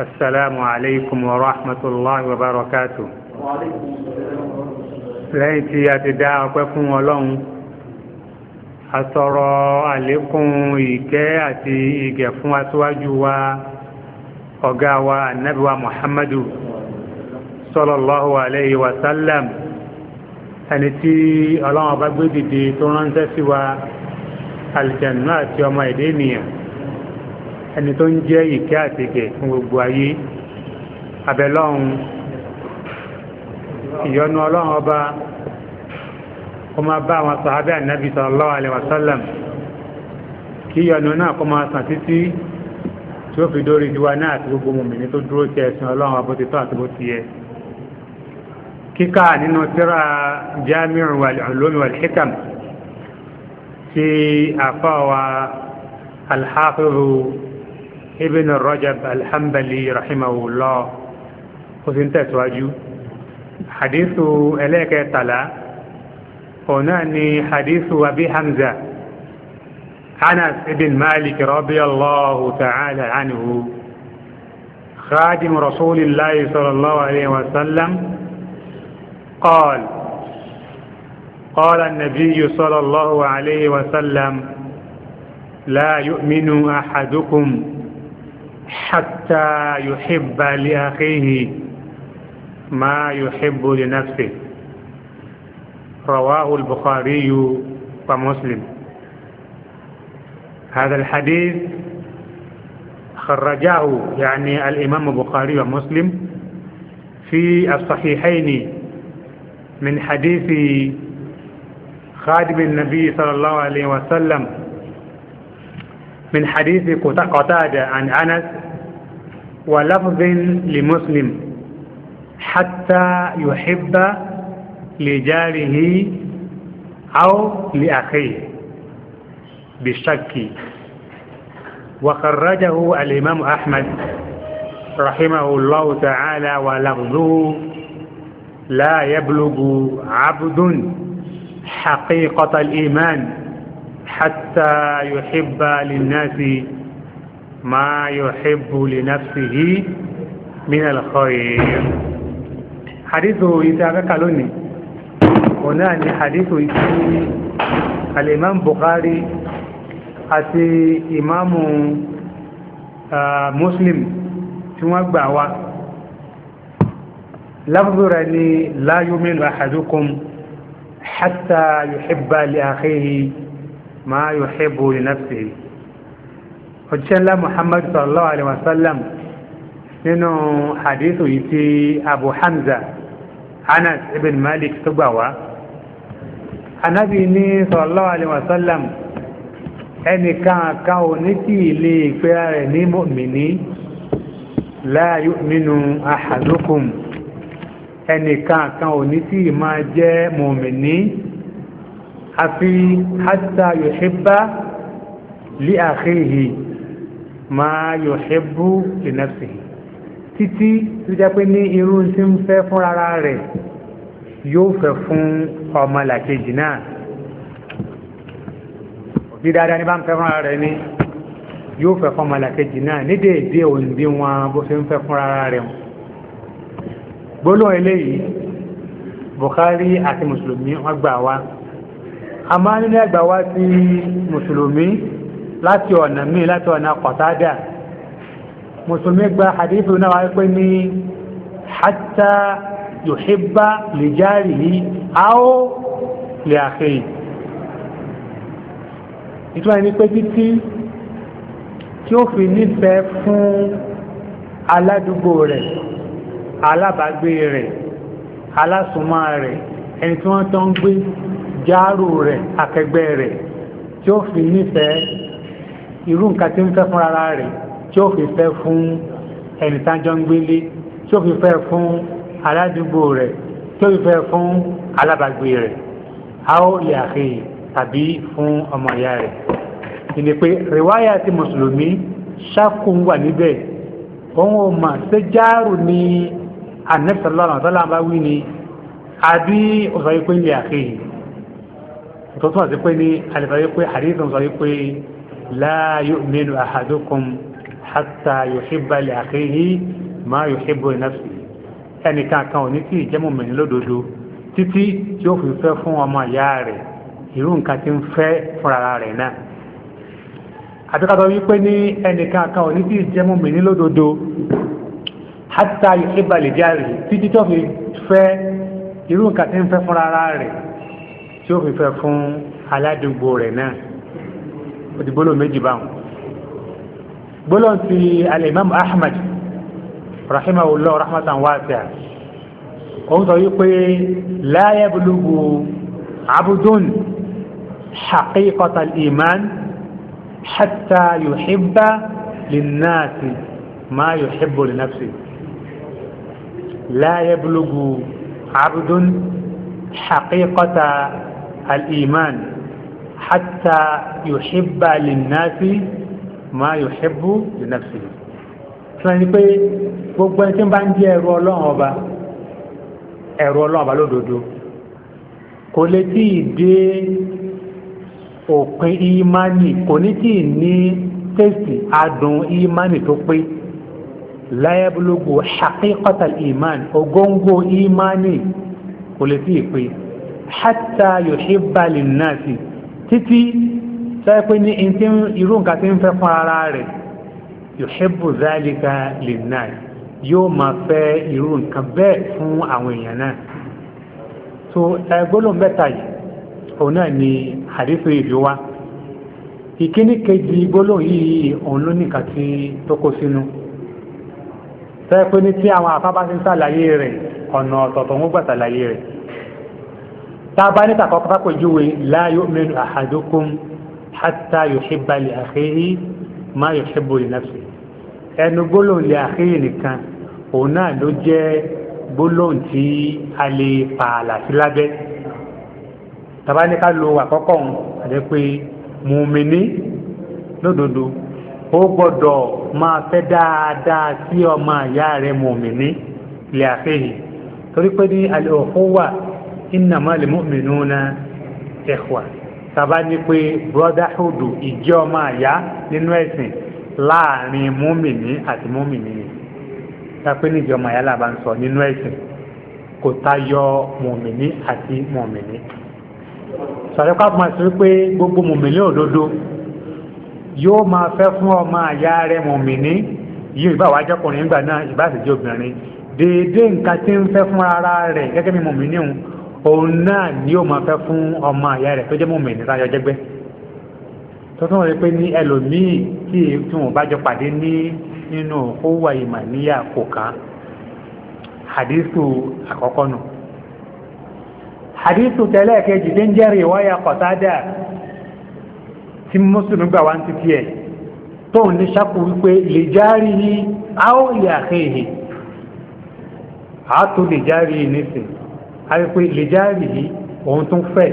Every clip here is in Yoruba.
السلام عليكم ورحمة الله وبركاته lẹ́yìn tí a ti dá ọpẹ́ fún ọlọ́run a tọrọ àlékún ìkẹ́ àti ìgẹ̀ fún aṣíwájú wa ọ̀gá wa ànábì wa muhammadu sallallahu alayhi wa sallam ẹni tí ọlọ́run ọba gbé dìde tó ránṣẹ́ sí wa alìjẹ̀nù àti ọmọ èdè ènìyàn ẹni tó ń jẹ́ ìkẹ́ àtẹ̀kẹ́ fún gbogbo ayé abẹ́lọ́run ìyọnu ọlọ́run ọba kó máa bá àwọn sàhábẹ́ ànábì sallallahu alaihi wasallam kí ìyọnu náà kó máa sàn títí tí ó fi dórí tiwa náà àti gbogbo mòmìnir tó dúró ti ẹ̀sìn ọlọ́run ọba tó àti bó ti yẹ kíkà nínú tírà jamiu wal ulumi ti àfọwà alhafiru ibn rajab alhambali rahimahullah ó sì ń tẹ̀síwájú hadithu ẹlẹ́kẹtàlá òun náà ni hadithu abi hamza anas ibn malik radiyallahu ta'ala anhu خادم رسول الله صلى الله عليه وسلم قال قال النبي صلى الله عليه وسلم لا يؤمن أحدكم حتى يحب لأخيه ما يحب لنفسه رواه البخاري ومسلم هذا الحديث خرجاه يعني الإمام البخاري ومسلم في الصحيحين من حديث خادم النبي صلى الله عليه وسلم من حديث قتادة عن أنس ولفظ لمسلم حتى يحب لجاره أو لأخيه بالشك وخرجه الإمام أحمد رحمه الله تعالى ولفظه لا يبلغ عبد حقيقة الإيمان حتى يحب للناس ما يحب لنفسه من الخير حديث يتابع لوني هنا حديث الإمام بخاري àti ìmáàmù muslim tí wọ́n gbà wá lábúrẹ̀ ni la yu'minu ahadukum hatta yuhibba li akhihi máa yuhibbu li nafsihi ọ̀ṣẹ́lá muhammad sallallahu alayhi wa sallam nínú hadithu yìí ti abu hamza anas ibn malik tó gbà wá anabi ní sallallahu alayhi wa sallam ẹnìkan kan ò ní tí ilé ìpè rẹ̀ ní mọ̀mìnì la yu'minu ahadukum ẹnìkan kan ò ní tí ì máa jẹ́ mọ̀mìnì àfi hatta yuhibba li akhihi ma yuhibbu li nafsihi títí tó jẹ́ pé ní irú tí ń fẹ́ fúnra rẹ̀ yóò fẹ́ fún ọmọlàkejì náà bí dáadáa ní bá ń fẹ́ fúnra rẹ̀ ní yóò fẹ́ fún ọmọlàkejì náà ní déédéé òǹdí wọn bó ṣe ń fẹ́ fúnra rẹ̀ wọn gbólóhùn eléyìí Bukhari àti mùsùlùmí wọn gbà wá a máa nínú ẹgbà wá sí mùsùlùmí láti ọ̀nà míì láti ọ̀nà kọ̀tádà mùsùlùmí gba hadith náà wáyé pé ní hatta yuhibba li jarihi aw li akhihi ìtura ẹni pé títí tí ó fi nífẹ̀ẹ́ fún aládùúgbò rẹ̀ alábàágbé rẹ̀ alásùnmọ́ rẹ̀ ẹni tí wọ́n tán ń gbé járù rẹ̀ akẹgbẹ́ rẹ̀ tí ó fi nífẹ̀ẹ́ irú nǹkan tí ń fẹ́ fún ara rẹ̀ tí ó fi fẹ́ fún ẹni tájọ́ ń gbélé tí ó fi fẹ́ fún aládùúgbò rẹ̀ tí ó fi fẹ́ fún alábàgbé rẹ̀ àwọn ìyàhè tàbí fún ọmọ ìyá rẹ̀ ìní pé rìwáyà ti mùsùlùmí ṣàkùn wà níbẹ̀ òun ò mà ṣe járù ní anẹ́sàlọ́nà tọ́lá bá wí ni àbí ọ̀sọ̀ ìpínlẹ̀ àkèyí tó tún àti pé ní àlìfàyè pé àdéhùn sọ wípé la yu'minu ahadukum hatta yuhibba li akhihi ma yuhibbu li nafsihi ẹnìkan kan ò ní tí ì jẹ́ mùmínì lódodo títí tí ó fi fẹ́ fún ọmọ ìyá rẹ̀ irú nǹkan tí ń fẹ́ fúnra rẹ̀ náà àtúkàtọ̀ wípé ní ẹnìkan kan ò ní tí ì jẹ́ lódodo hatta yuhibba li jarihi títí tó fi fẹ́ irú nǹkan tí ń fẹ́ fúnra rẹ̀ tí ó fi fẹ́ fún aládùúgbò rẹ̀ náà ó di gbólóhùn méjì báwọn gbólóhùn ti alimami ahmed rahimahullah rahmatan wasi'a òun sọ wípé la yablughu abudun haqiqata al-iman hatta yuhibba linnasi ma yuhibbu li nafsi la yablughu abudun haqiqata. الإيمان حتى يحب للناس ما يحب لنفسه sọ́ni pé gbogbo ẹni tí ń bá ń jẹ́ ẹ̀rọ ọlọ́run ọba ẹ̀rọ ọlọ́run ọba lódodo kò lè tí ì dé òpin ìmánì kò ní tí ì ní tẹ́sì adùn ìmánì tó pé láyébúlógún ṣàkíkọ́tà ìmánì ògóńgó ìmánì kò lè tí ì pé hatta yuhibba linnasi títí sọ́yẹ́ pé ní irú nǹkan tí ń fẹ́ fún ara rẹ̀ yuhibbu zalika linnasi yóò máa fẹ́ irú nǹkan bẹ́ẹ̀ fún àwọn èèyàn náà so gbólóhùn mẹ́ta yìí òun náà ni àdéhùn ìlú wa ìkíní kejì gbólóhùn yìí òun ló ní nǹkan tí tó kó sínú sọ́yẹ́ pé ní tí àwọn afábá ti ń sàlàyé rẹ̀ ọ̀nà ọ̀tọ̀ọ̀tọ̀ wọn gbà sàlàyé rẹ̀ tába ní takọ́kọ́ fàpèjúwe la yu'minu ahadukum hatta yuhibba li akhihi ma yuhibbu li nafsi ẹnu gbólóhùn li akhihi nìkan òun náà ló jẹ́ gbólóhùn tí a lè pààlà sí lábẹ́ tába ní ká lo àkọ́kọ́ òun àti pé mùmíní lódodo ó gbọ́dọ̀ máa fẹ́ dáadáa sí ọmọ ìyá rẹ̀ mùmíní li akhihi torí pé ní al-ukhuwa wà innamal mu'minuna ikhwa tàbá ní pé brotherhood ìjẹ́ ọmọ àyá nínú ẹ̀sìn láàrin múmìnì àti múmìnì ni tàpé níjẹ́ ọmọ àyá làbá ń sọ nínú ẹ̀sìn kò tayọ múmìnì àti múmìnì sọ̀rọ̀ ká máa sọ pé gbogbo mùmìnì òdodo yóò máa fẹ́ fún ọmọ àyá rẹ̀ mùmìnì yìí ìbá wàá jọkùnrin nígbà náà ìbá sì jẹ́ obìnrin déédéé nǹkan tí ń fẹ́ fún ara rẹ̀ gẹ́gẹ́ bí mùmìnì òun òun náà ni yóò máa fẹ́ fún ọmọ àyà rẹ̀ tó jẹ́ mọ̀mọ́ ìnira yọ jẹ́gbẹ́ tuntun wọn pe ní ẹlòmíì tí tí wọn bá jọ pàdé ní nínú kówà ìmàníyà kò kán hadithu àkọ́kọ́ nù hadithu tẹ́lẹ̀ kejì tí ń jẹ́ rìwáyà kọ̀tádà tí mùsùlùmí gbà wá ń títí ẹ̀ tóun ní sáku wípé lè járí ní áó lè àkéhè àátó lè járí nísìnyí àyẹ̀pẹ́ lèjáàrì yìí òun tún fẹ̀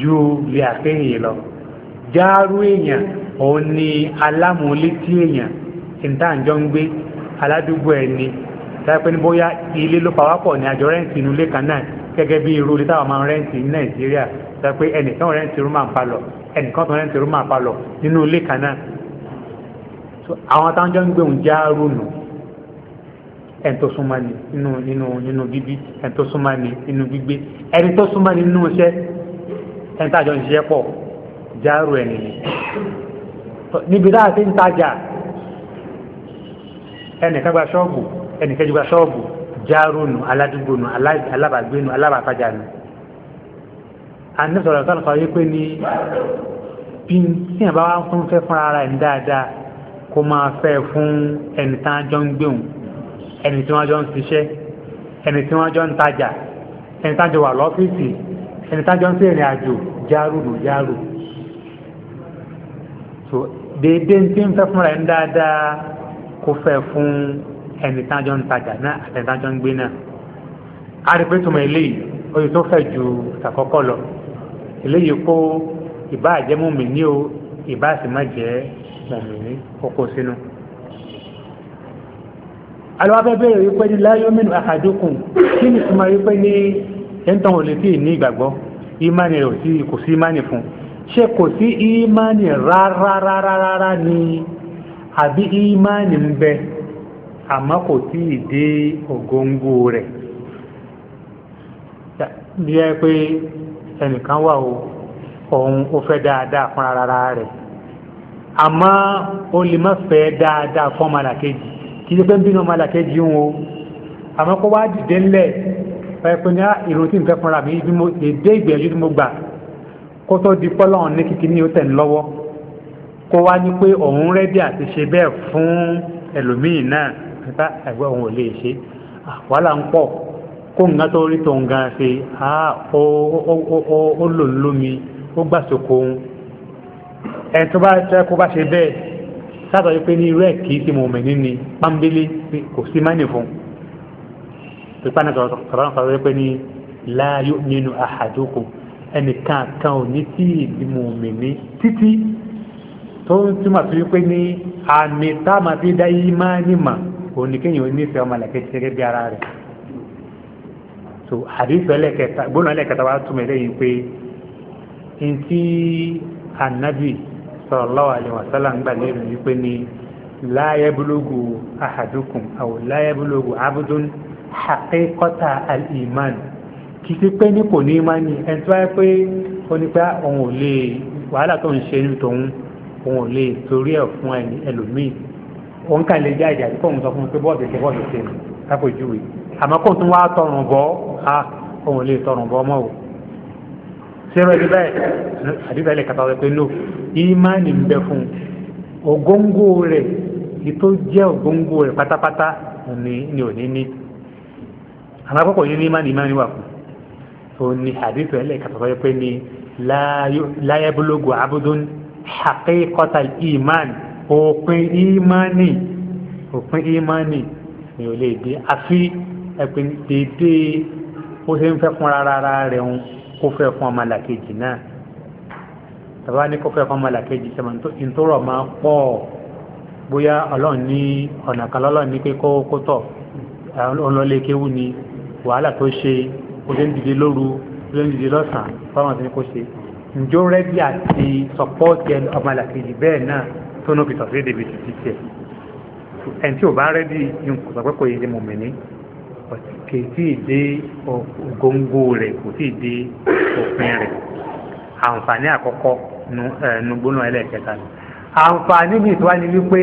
ju lè àkéyìn lọ jáàrú èèyàn òun ni alámúlétí èèyàn ìntàǹjọ́ ń gbé aládùúgbò ẹni táyẹ̀pẹ́ ní bóyá ilé ló pawápọ̀ ní àjọ rẹ́ǹtì inú ilé kan náà gẹ́gẹ́ bí irú ilé táwọn máa ń rẹ́ǹtì ní nàìjíríà táyẹ̀pẹ́ ẹnìkan rẹ́ǹtì rúmà ń palọ̀ ẹnìkan tó rẹ́ǹtì rúmà ń palọ̀ nínú ilé kan náà àwọn táwọn jọ ń gbé òun jáàrú nù ẹni tó súnmọ́ ni nínú nínú nínú bíbí ẹni tó súnmọ́ ni nínú gbígbé ẹni tó súnmọ́ ni nínú iṣẹ́ ẹni tájọ ń ṣiṣẹ́ pọ̀ járò ẹni ni níbi dáa ti ń tajà ẹnìkan gba ṣọ́ọ̀bù ẹnìkan gba ṣọ́ọ̀bù járò nù aládùúgbò nù alábàgbé nù alábàtajà nù àníṣọ̀rọ̀ sọ̀rọ̀ sọ̀rọ̀ yìí pé ní bí tí yàrá bá wà fún fẹ́ fúnra rẹ̀ ní dáadáa kó máa fẹ́ fún ẹni jọ ń gbé ẹni tí wọ́n jọ ń ṣiṣẹ́ ẹni tí wọ́n jọ ń tajà ẹni tájọ wà lọ́fíìsì ẹni tájọ ń sèrìn àjò járùrù járù so déédé tí ń fẹ́ fún rẹ̀ ń dáadáa kó fẹ́ fún ẹni tájọ ń tajà náà àti ẹni tájọ ń gbé náà a rí pé tùmọ̀ eléyìí oye tó fẹ́ ju tàkọ́kọ́ lọ eléyìí kó ìbá àjẹmọ́mì ní o ìbá àsìmọ́jẹ́ mọ̀mì ní kókó sínú. alùpàfẹ́ bẹ̀rẹ̀ wípé ní la yu'minu ahadukum kí ni ìtumọ̀ wípé ní ẹ̀ńtàn ò lè tí ní ìgbàgbọ́ ìmánì rẹ̀ kò sí ìmánì fún ṣé kò sí ìmánì rárárárárá ni àbí ìmánì ń bẹ àmọ́ kò ògóńgó rẹ̀ bí ẹ pé ẹnìkan wà òun ó fẹ́ kì í ṣe pé ń bínú ọmọ alákẹ́jì ń wo àmọ́ kó wá dìde ńlẹ̀ pẹ̀lú ní ìròyìn ah, tí nǹkan fúnra mi bí mo èdè ìgbìyànjú tí mo gbà kó tó di pọ́lọ́ ọ̀hún ní kíkiri ní ó tẹ̀ ń lọ́wọ́ kó wá ní pé òun rẹ́dí àti ṣe bẹ́ẹ̀ fún ẹlòmíì náà nípa ẹgbẹ́ òun ò lè ṣe ah, wàhálà ń pọ̀ kó nǹkan tó rí tó ń gan ṣe ah, ó lò ń lómi ó gbàsókò òun ẹ̀ tó bá ṣe bẹ́ẹ̀ sábà wípé ní irú ẹ̀ kì í ṣe mùmìnì ni pàmbélé kò sí mánì fún pípa náà sọ̀rọ̀ sọ̀rọ̀ sọ̀rọ̀ wípé ní la yu'minu ahadukum ẹnìkan kan ò ní tí ìdí mùmìnì títí tó ń túmọ̀ sí wípé ní àmì táàmà fi dá yí máa ní mà òun ni kéèyàn onífẹ̀ẹ́ ọmọ àlàkẹ́ ti gẹ́gẹ́ bí ara rẹ̀ so àdìsọ ẹlẹ́kẹta gbóná ẹlẹ́kẹta wa túmọ̀ ẹlẹ́yìn pé ntí anabi sallallahu alaihi wasallam gbà lérò wípé ní láyébúlógù ahadukum àwọn láyébúlógù abudun haqiqata al-iman kì í ti pé ní kò ní imani ẹni tó wáyé pé ó ní pé òun ò lè wàhálà tó ń ṣe ní tòun òun ò lè torí ẹ̀ fún ẹni ẹlòmíì òun kàn lè jẹ́ àjà àti kóun sọ fún un pé bọ́ọ̀dù ṣe bọ́ọ̀dù ṣe nù lápòjúwe àmọ́ kóun tún wá tọrùn bọ́ a òun ò lè tọrùn bọ́ mọ́ o ṣé rẹ́ẹ̀dì bẹ́ẹ̀ àdìbẹ́lẹ̀ kàtàkùn pé no ìmánì ń bẹ fún ògóńgó rẹ̀ ètò jẹ́ ògóńgó rẹ̀ pátápátá ni ò ní ní àwọn akọ́kọ̀ yìí ní ìmánì ìmánì wà fún òun ni hadith ẹlẹ́ẹ̀kàtà sọ pé ní la yablugu abudun haqiqatal iman òpin ìmánì òpin ìmánì ni ò lè dé àfi ẹ̀pìn dédé ó ṣe ń fẹ́ fún rárá rẹ̀ ń kó fẹ́ fún ọmọ làkejì náà tàbá ní kófẹ́ fún ọmọlàkejì sẹ́mọ̀ ìtòrọ̀ máa pọ̀ bóyá ọlọ́run ní ọ̀nà kan lọ́lọ́run ní pé kó tọ̀ ọlọ́lẹ̀ kéwù ni wàhálà tó ṣe kó lè ń dìde lóru kó lè ń dìde lọ́sàn-án fáwọn àti ní kó ṣe ǹjọ́ rẹ́dí àti sọpọ́ọ̀tì ọmọlàkejì bẹ́ẹ̀ náà tó ní òfìsọ̀ sí dèbè títí tiẹ̀ ẹni tí ò bá rẹ́dí kò sọ pé kò yé ṣe mọ̀mìnì kò tí ì àǹfààní àkọ́kọ́ nu eh, gbóná ẹlẹ́ẹ̀kẹta ni àǹfààní bíi tí wàá ní wípé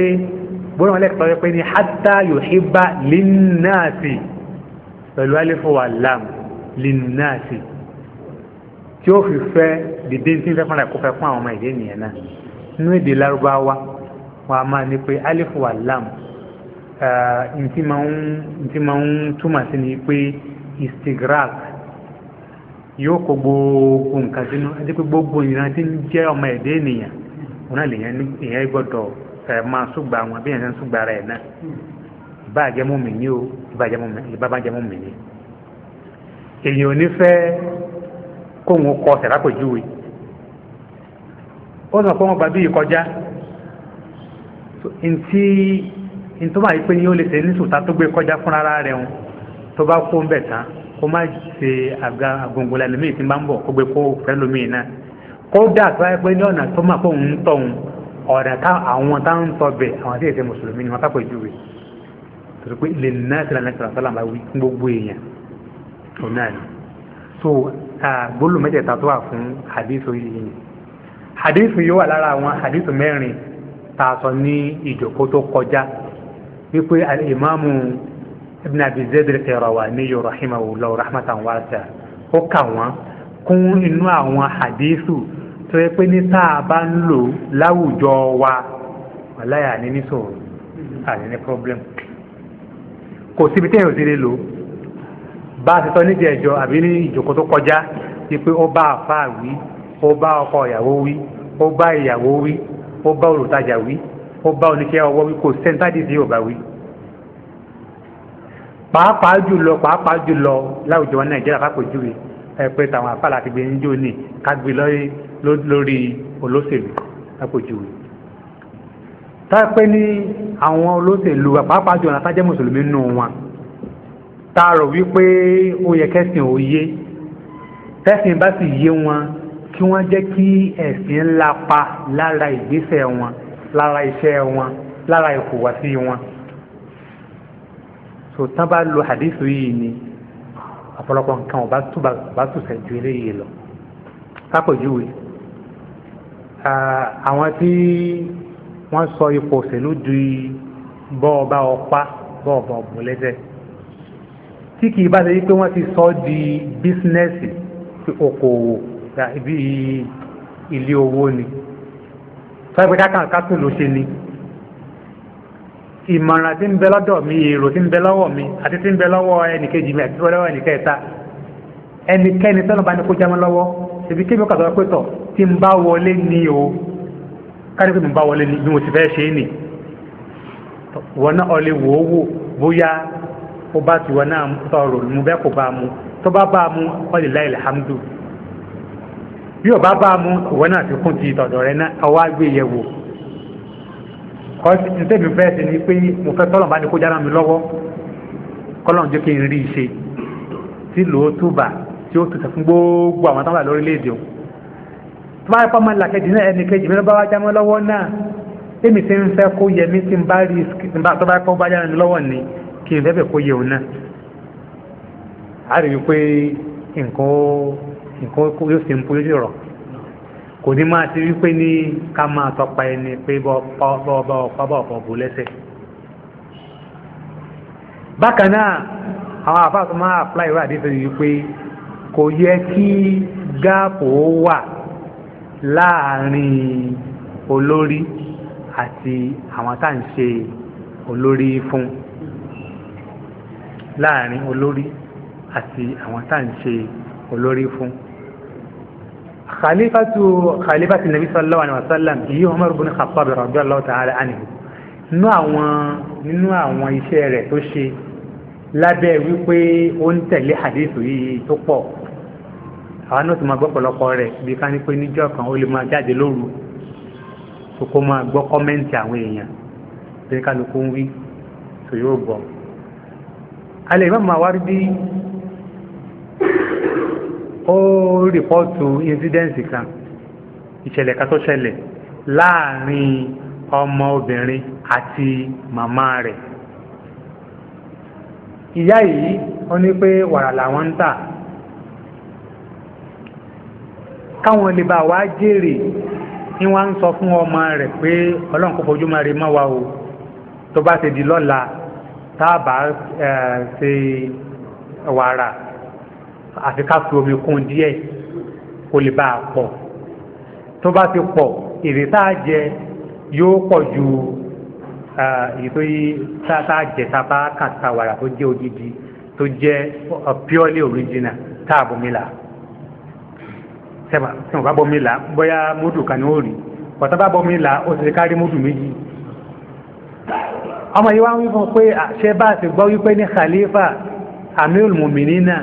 gbóná ẹlẹ́ẹ̀kẹta wípé ni hatta yuhibba linnaasi pẹ̀lú alifu wa lam linnaasi tí ó fi fẹ́ dìde tí ń fẹ́ fúnra kó fẹ́ fún àwọn ọmọ ìdí ènìyàn náà nínú èdè lárúbáwá wọn a máa ní pé alifu wa eh, ntí máa ń túmọ̀ sí ni pé istigrak yóò kó gbogbo nǹkan sínú àti pé gbogbo ìran tí ń jẹ́ ọmọ ẹ̀dẹ́ ènìyàn wọn náà lèyàn ní èyàn gbọ́dọ̀ fẹ́ máa súgbà wọn bí èyàn súgbà rẹ̀ náà ìbáàjẹ́ mú mi ní o ìbáàjẹ́ mú mi ní. èyàn ò ní fẹ́ kóhun kọ sẹ̀rápẹ̀júwe ó sọ pé wọ́n gba bí ìkọjá ntí ntọ́ báyìí pé yóò lè ṣe ní sùtá tó gbé kọjá fúnra rẹ̀ wọn tó bá kó ń bẹ̀ tán kó má ṣe àga àgòǹgò lẹ́lẹ́mìí tí ń bá ń bọ̀ kó gbé na fẹ́ lómi iná kódà tó wáyé pé ní ọ̀nà tó máa kó ń tọ̀ ń ọ̀nà tá àwọn tá ń tọ̀ bẹ̀ àwọn tí èsè mùsùlùmí ni wọ́n kápẹ́ ìjúwe tó pé lè ná sílẹ̀ náà sọ̀rọ̀ sọ́lá wí fún gbogbo èèyàn òun náà ni so gbólù mẹ́tẹ̀ẹ̀ta tó wà fún hadithu yìí ni hadithu yìí wà lára àwọn hadithu mẹ́rin tá a sọ ní ìjòkó tó kọjá wípé al ibn abi zayd al-qayrawani rahimahu rahmatan wasi'a ó kà wọ́n kún inú àwọn hadithu tó yẹ pé ní tá a bá ń lò láwùjọ wa wàláyà ní ní sòrò àní ní problem kò síbi téèyàn ti lè lò bá a ti sọ nídìí ẹjọ àbí ní ìjòkó tó kọjá ti pé ó bá àfáà wí ó bá ọkọ ìyàwó wí ó bá ìyàwó wí ó bá olùtajà wí ó bá oníṣẹ́ ọwọ́ wí kò sẹ́ńtádìí sí yorùbá wí pàápàá jùlọ pàápàá jùlọ láwùjọ wọn nàìjíríà kápẹjúwe ẹpẹ tàwọn àfàlà àti gbẹ̀yìnjó ni kágbé lórí olóṣèlú kápẹjúwe tápẹ́ ní àwọn olóṣèlú pàápàá jùlọ àtàjẹ́ mùsùlùmí nù wọn tá a rò wípé ó yẹ kẹ́sìn òye tẹ́sìn bá sì yé wọn kí wọ́n jẹ́ kí ẹ̀sìn ńlá pa lára ìgbésẹ̀ wọn lára iṣẹ́ wọn lára ìhùwàsí wọn sòtán bá lo hadith yìí ni ọ̀pọ̀lọpọ̀ nǹkan ọba tù bá tù sẹ́jú eléyìí lọ kápẹ̀júwe àwọn tí wọ́n sọ ipò òṣèlú di bọ́ọ̀bá ọpá bọ́ọ̀bá ọ̀gbọ̀lẹ́sẹ̀ tí kì í bá ṣe wípé wọ́n ti sọ di bísínẹ́sì okòwò ibi ilé owó ni sọ pé kákan ká tún ló ṣe ni ìmọ̀ràn tí ń bẹ lọ́dọ̀ mi èrò tí ń bẹ lọ́wọ́ mi àti tí ń bẹ lọ́wọ́ ẹnìkejì mi àti tí ń bẹ lọ́wọ́ ẹnìkẹta ẹnikẹ́ni tọ́nà bá ní kó jámọ́ lọ́wọ́ ṣèbí kí mi kà sọ pé tọ̀ tí ń bá wọlé ní o kárí pé mo bá wọlé ní mo ti fẹ́ ṣe é nì wọ́n náà ọ lè wò ó wò bóyá ó bá ti wọ́n náà tọrọ mu bẹ́ẹ̀ kò bá mu tó bá bá mu ọ lè láì lẹ́hàmdù bí ò bá bá mu ìwọ náà ti kún ti tọ̀dọ̀ rẹ náà ọwọ́ àgbéyẹ̀wò kọ́sí ní tẹ́bi fẹ́ sí ni pé mo fẹ́ tọ́lọ̀ bá ní kó jára mi lọ́wọ́ kọ́lọ̀ jẹ́ kí n rí iṣẹ́ tí lóòótú bá tí ó tutù fún gbogbo àwọn táwọn lórílẹ̀‐èdè o tó bá pọ́ mọ́ làkejì náà ẹnì kejì mẹ́rin bá wá já mọ́ lọ́wọ́ náà èmi ti ń fẹ́ kó yẹ mí tí n bá rí tó bá pọ́ bá jára mi lọ́wọ́ ni kí n fẹ́ bẹ̀ kó yẹ òun náà a rí i pé nǹkan yóò ṣe ń pọ́ yóò ṣe rọ̀ kò ní máa ti wípé ní ká máa tọpa ẹni pé bọ́ọ̀bọ̀ bò lẹ́sẹ̀. bákan náà àwọn àfáàsọ máa apply ìwé àdéhùn yìí pé kò yẹ kí gáàpù ó wà láàárín olórí àti àwọn tá à ń ṣe olórí fún láàárín olórí àti àwọn tá à ń ṣe olórí fún khalifatu khalifati nabi sallallahu alaihi wasallam yi umar bin khattab radiyallahu ta'ala anhu nínú àwọn nínú àwọn iṣẹ́ rẹ̀ tó ṣe lábẹ́ wípé ó ń tẹ̀lé hadithu yìí tó pọ̀ àwọn náà ti máa gbọ́ pọ̀lọpọ̀ rẹ̀ bí ká ní pé níjọ́ kan ó lè máa jáde lóru tó kó máa gbọ́ kọ́mẹ́ǹtì àwọn èèyàn bí kálukú ń wí tó yóò gbọ́. alẹ́ ìmọ̀ màwárí bí ó rìpọ́tù incidence kan ìṣẹ̀lẹ̀ kan tó ṣẹlẹ̀ láàrin ọmọ obìnrin àti màmá rẹ̀ ìyá yìí ó ní pé wàrà làwọn ń tà káwọn lè bá wa jèrè ni wọ́n ń sọ fún ọmọ rẹ̀ pé ọlọ́run kò fojú máa rí mọ́ wa o tó bá ti di lọ́la tá a bá ṣe wàrà àfi ká fi omi kún díẹ̀ kó lè bá a pọ̀ tó bá ti pọ̀ èrè tá a jẹ yóò pọ̀ ju èyí tó yí tá a jẹ tá a bá kàtà wàrà tó jẹ́ odidi tó jẹ́ purely original tá a bomi la sẹ́wọ̀n sẹ́wọ̀n bá bomi la bóyá múdù kan ní ó rí pọ̀tà bá bomi la ó ti kárí múdù méjì ọmọ yìí wá ń wí fún pé ṣé bá a ti gbọ́ wípé ní khalifa amir muminina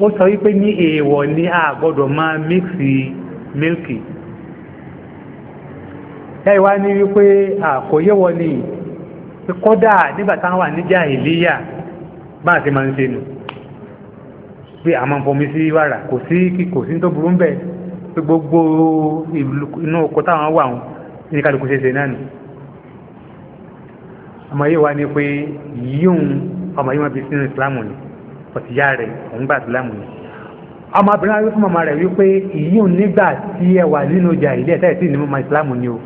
wọ́n sọ wípé ní èèwọ̀ ni a gbọ́dọ̀ máa mixi mílkì ẹ̀yìn wá ní wípé àkóyéwọ ni kódà nígbà táwọn wà ní jàhílíyà bá a ti máa ń se nù pé a máa ń fọmi sí wàrà kò sí kò sí tó burú ń bẹ pé gbogbo inú oko táwọn wà wọn ní kálukú ṣe ṣe náà nù ọmọ yìí wá ní pé yíyún ọmọ yìí wọn fi sínú ìsìlámù ni ọ̀tíyá rẹ̀ òun gbà sílámù ni ọmọbìnrin wa wí fún màmá rẹ̀ wípé ìyún nígbà tí ẹ wà nínú ìjà ilé ẹ̀tẹ́ ìtì ní mọ́mọ́ ìsìlámù ni o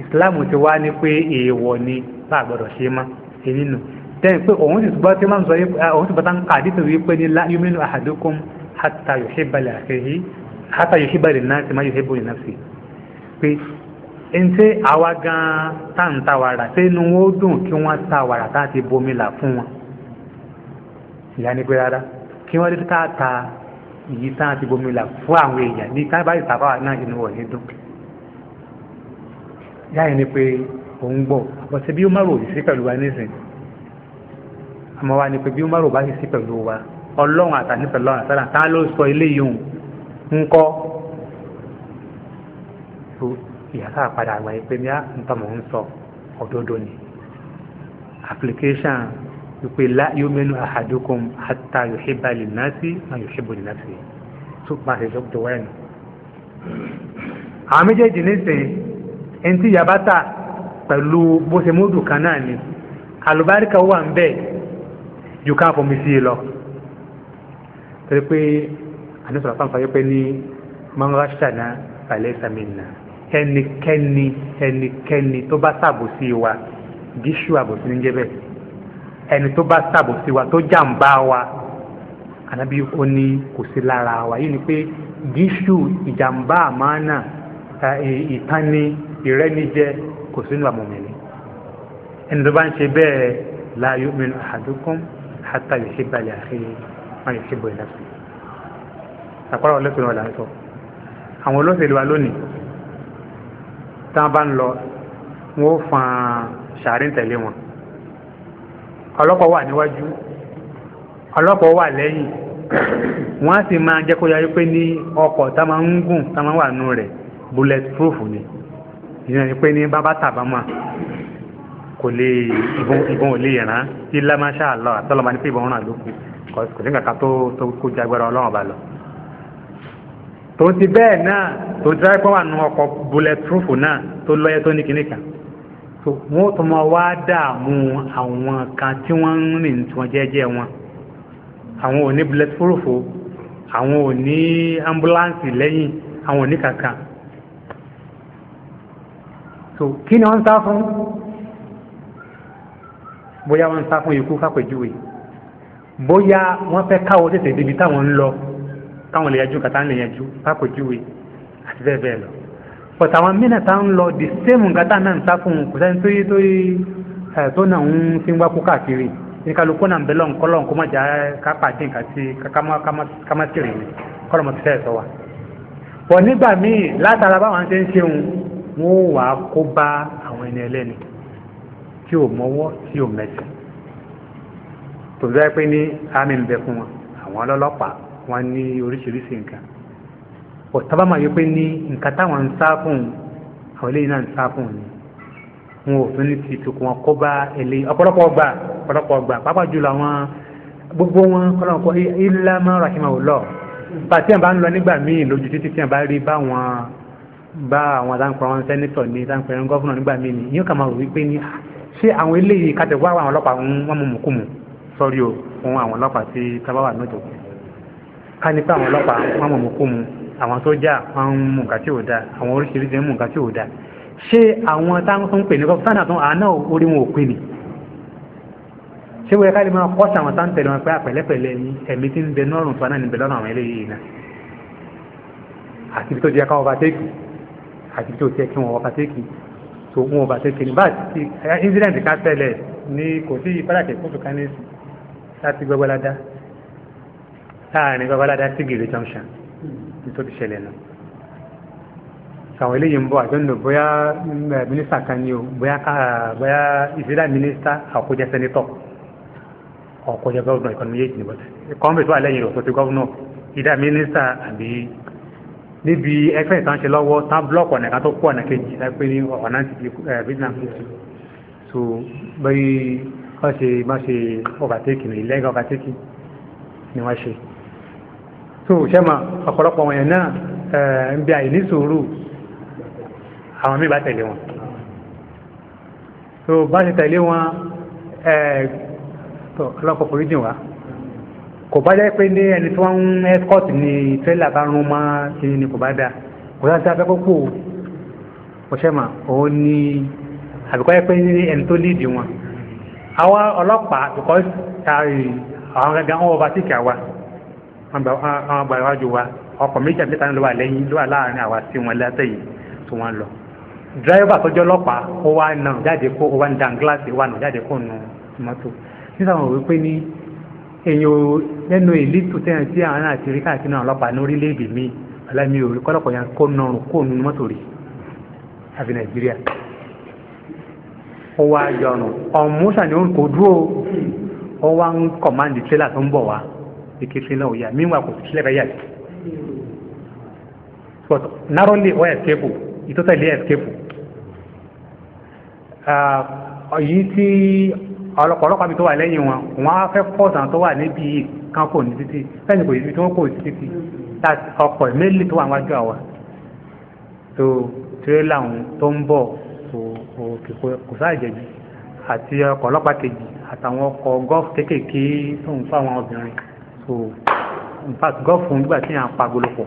ìsìlámù ti wá ní pé èèwọ̀ ni bá a gbọ́dọ̀ ṣe má ṣe nínú tẹ́yìn pé òun sì túbọ̀ tí wọ́n sọ òun sì bọ́tà ń kà dídùn wípé ní la yuminu ahadukum hata yuhibba li akhihi hata yuhibba li nasi ma yuhibbu li nafsi pé ẹnṣẹ́ àwa gan-an táǹtà wàrà sẹ́nu wọn ó dùn kí wọ́n ta wàrà tá a ti bomi là fún wọn ìyá ni pé rárá kí wọ́n rí tá a ta ìyí tá a ti bomi là fún àwọn èèyàn ní tá a bá ìta báwa náà inú wọ̀nyí dùn. ìyá ni pé òun gbọ́ àbọ̀sẹ̀ bí Umaru òyìí sí pẹ̀lú wa nísìn àmọ́ wa ni pé bí Umaru bá sì sí pẹ̀lú wa ọlọ́run àtàní pẹ̀lú ọ̀run àtàlà tá a ló sọ eléyìí òun ń kọ́ ìyá tá a àgbà yìí pé ní à ń tọ́ mọ̀ ń sọ òdodo ni application wípé la yuminu ahadukum hatta yuhibba linnasi ma yuhibbu linnafsi tó máa ṣe sọ́kùtò wẹ́ẹ̀nù. àwọn méjèèjì nísìnyí ẹni tí yaba ta pẹ̀lú bó ṣe múdù kan náà ni àlùbáríkà wà ń bẹ̀ ju ká fọmi sí i lọ. torí pé àníṣòro àpá nǹkan pé ní mọ́ngàṣánà falaysa minna ẹnikẹ́ni ẹnikẹ́ni tó bá ṣàbòsí wa gíṣù àbòsí níjẹ́ bẹ́ẹ̀ ẹni tó bá ṣàbòsí wa tó jàǹbá wa ànábì ó ní kò sí lára wa yìí ni pé gíṣù ìjàǹbá àmánà ìtánni ìrẹ́nijẹ kò sínú àmọ̀mìnì ẹni tó bá ń ṣe bẹ́ẹ̀ la yu'minu ahadukum hatta yuhibba li akhihi ma yuhibbu li nafsihi àpárá ọlọ́sìn wà láńsọ àwọn olóṣèlú wa lónìí tá a bá ń lọ wọn ó fan ṣàárín tẹ̀lé wọn ọlọ́pàá wà níwájú ọlọ́pàá wà lẹ́yìn wọ́n á sì máa jẹ́ kó yáyé pé ní ọkọ̀ tá máa ń gùn tá máa wà nù rẹ̀ bullet proof ni ìyẹn ni pé ní bàbá tàbámà kò lè ìbọn ìbọn ò lè ràn ilá masha Allah àtọ́lọ́mà ní pé ìbọn ràn lókun kò sí nǹkan kan tó tó kó jagbára ọlọ́run ọba lọ tòun ti bẹ́ẹ̀ náà tòun ti ráyè pé wà nù ọkọ̀ bullet proof náà tó lọ́yẹ tó ní kinní kan wọ́n tó máa wá dààmú àwọn kan tí wọ́n ń rìn tí wọ́n jẹ́jẹ́ wọn àwọn ò ní bulletproof àwọn ò ní ambulance lẹ́yìn àwọn ò ní kankan so kí ni wọ́n ń sá fún bóyá wọ́n ń sá fún ikú fàpèjúwe bóyá wọ́n fẹ́ káwọ́ tètè débi táwọn ń lọ káwọn lè yanjú kàtà ń lè yanjú fàpèjúwe àti bẹ́ẹ̀ bẹ́ẹ̀ lọ pọ̀tà àwọn mìíràn tá ń lọ the same nǹkan tá náà ń sá fún un kò sẹ́ni tóyí tóyí tó náà ń fi wá kú káàkiri ní kálukú náà ń bẹ lọ́nkọ́ lọ́nkọ́ mọ̀jà ká pàdé nǹkan sí kámásìrì kọ́lọ̀ mọ̀ fi fẹ́ sọ wa. pọ̀ nígbà míì látara báwọn ṣe ń ṣeun wọ́n wà á kó bá àwọn ẹni ẹlẹ́ni tí ò mọ́wọ́ tí ò mẹ́sẹ̀ tó bẹ́ẹ̀ pé ní àmì ń bẹ fún wọn àwọn ọlọ́lọ́pàá wọn ní oríṣiríṣi nǹkan pọ̀ tábà máa yọ pé ní nǹkan táwọn ń sá fún àwọn eléyìí náà ń sá fún ni wọn ò tún ní ti tukùn wọn kó bá eléyìí ọ̀pọ̀lọpọ̀ ọgbà ọ̀pọ̀lọpọ̀ ọgbà pàápàá jùlọ àwọn gbogbo wọn kọ́lọ́n kọ́ ilá máa rahima ọlọ́ pàtí àbá ń lọ nígbà míì lójú títí tí àbá rí bá wọn bá àwọn dáńpẹ́ wọn sẹ́nitọ̀ ní dáńpẹ́ wọn gọ́fúnà nígbà míì ni yóò kà máa rò wípé ní ah, ṣé àwọn eléyìí kàtẹ́wọ́ àwọn ọlọ́pàá wọn mú mùkúmù sọ́rí o fún àwọn ọlọ́pàá tí tábà wà náà jọ àwọn ọlọ́pàá wọn mú mùkúmù àwọn sójà wọn ń mú nǹkan tí ò da àwọn oríṣiríṣi ń mú nǹkan tí ò da ṣé àwọn táwọn tó ń pè ní kọ́ sáńtà tó àná orí wọn ò pè ní ṣé wọ́n yẹ ká lè máa kọ́ sàwọn sáńtẹ̀ lọ́wọ́ pé àpẹ̀lẹ́pẹ̀lẹ́ ni ẹ̀mí tí ń bẹ nọ́ọ̀rùn tó náà ní bẹ àwọn eléyìí náà àti ibi tó jẹ́ ká ọba tẹ́kì àti ibi tó jẹ́ kí wọ́n ọba tẹ́kì tó wọ́n ọba tẹ́kì ní báyìí incident ká tẹ́lẹ̀ ní kò sí ìfádàkẹ́ kóòtù ká ní láti gbẹgbẹ́ládá láàrin gbẹgbẹ́ládá sí gèrè junction tó ti ṣẹlẹ̀ náà sàwọn eléyìí ń bọ̀ àjọ́nù bóyá mínísítà kan ni o bóyá bóyá ìsídà mínísítà àkójẹ sẹ́nitọ̀ ọ̀kójẹ gọ́vùnà ìkànnì méjèèjì ni bọ́tà kọ́ńbẹ̀ tó wà lẹ́yìn rẹ̀ tó ti gọ́vùnà ìdá mínísítà àbí níbi ẹgbẹ́ ìtàn ṣe lọ́wọ́ tán búlọ́ọ̀kì ọ̀nà kan tó kú ọ̀nà kejì lápẹ́ ní ọ̀nà ti di vietnam so bẹ́ẹ̀ kọ́ ṣe má ṣe ọ̀gàtẹ́kì ní ilẹ̀ ọ̀gàtẹ́kì ni wọ́n ṣe so sẹ́mà ọ̀pọ̀lọpọ̀ wọn yẹn náà eh, ń bí àìní sùúrù àwọn míì bá tẹ̀lé wọn so bá ti tẹ̀lé wọn eh, tó ọlọ́kọ̀ forí jìn wá kò bá jẹ́ pé ní ẹni tí wọ́n ń escort ni tírélà bá rún mọ́ kiri ni kò bá dáa kò sáà sí afẹ́kọ́kọ́ ma, òun ni àbíkọ́ yẹ pé ní ẹni tó líìdì wọn àwọn ọlọ́pàá because eh, àwọn gangan wọn wọ́n bá tíkì àwa wọn gba iwájú wa ọkọ̀ méjì àti mẹ́ta ló wà lẹ́yìn ló wà láàrin àwa sí wọn látẹ̀yìn tí wọ́n lọ. dírẹ́fà tó jẹ́ ọlọ́pàá ó wá nà jáde kó ó wá ń dan gíláàsì wà nà jáde kó nu mọ́tò nígbà wọn wípé ní èèyàn lẹ́nu ìlítù tẹ́yàn tí àwọn àti rí káàkiri náà ọlọ́pàá ní orílẹ̀-èdè mi alámi ò rí kọ́lọ́pọ̀ yẹn kó nọrùn kó nu mọ́tò rí àfi nàìjíríà ó wá yọrùn ọ̀mùsà ni ó ń kó o ó wá ń kọ̀máǹdì tírélà tó ń bọ̀ wá kékeré náà yà mí wà kò sí sílẹ̀ bá yà sí. but narrowly o escape it totally escape. Ah, èyí tí ọlọ́pàá mi tó wà lẹ́yìn wọn wọ́n á fẹ́ force àwọn tó wà níbi kan kò ní títì lẹ́yìn kò níbi tí wọ́n kò ní títì ọkọ̀ ìmẹ́lì tó wà wájú àwa tó tirẹ́là tó ń bọ̀ kò sáà àti ọkọ̀ ọlọ́pàá kejì àtàwọn ọkọ̀ gọ́ọ̀fù kéékèèké tó ń fún àwọn obìnrin so in fact gọ́ọ̀fù nígbà tí yàn ń pa agolopọ̀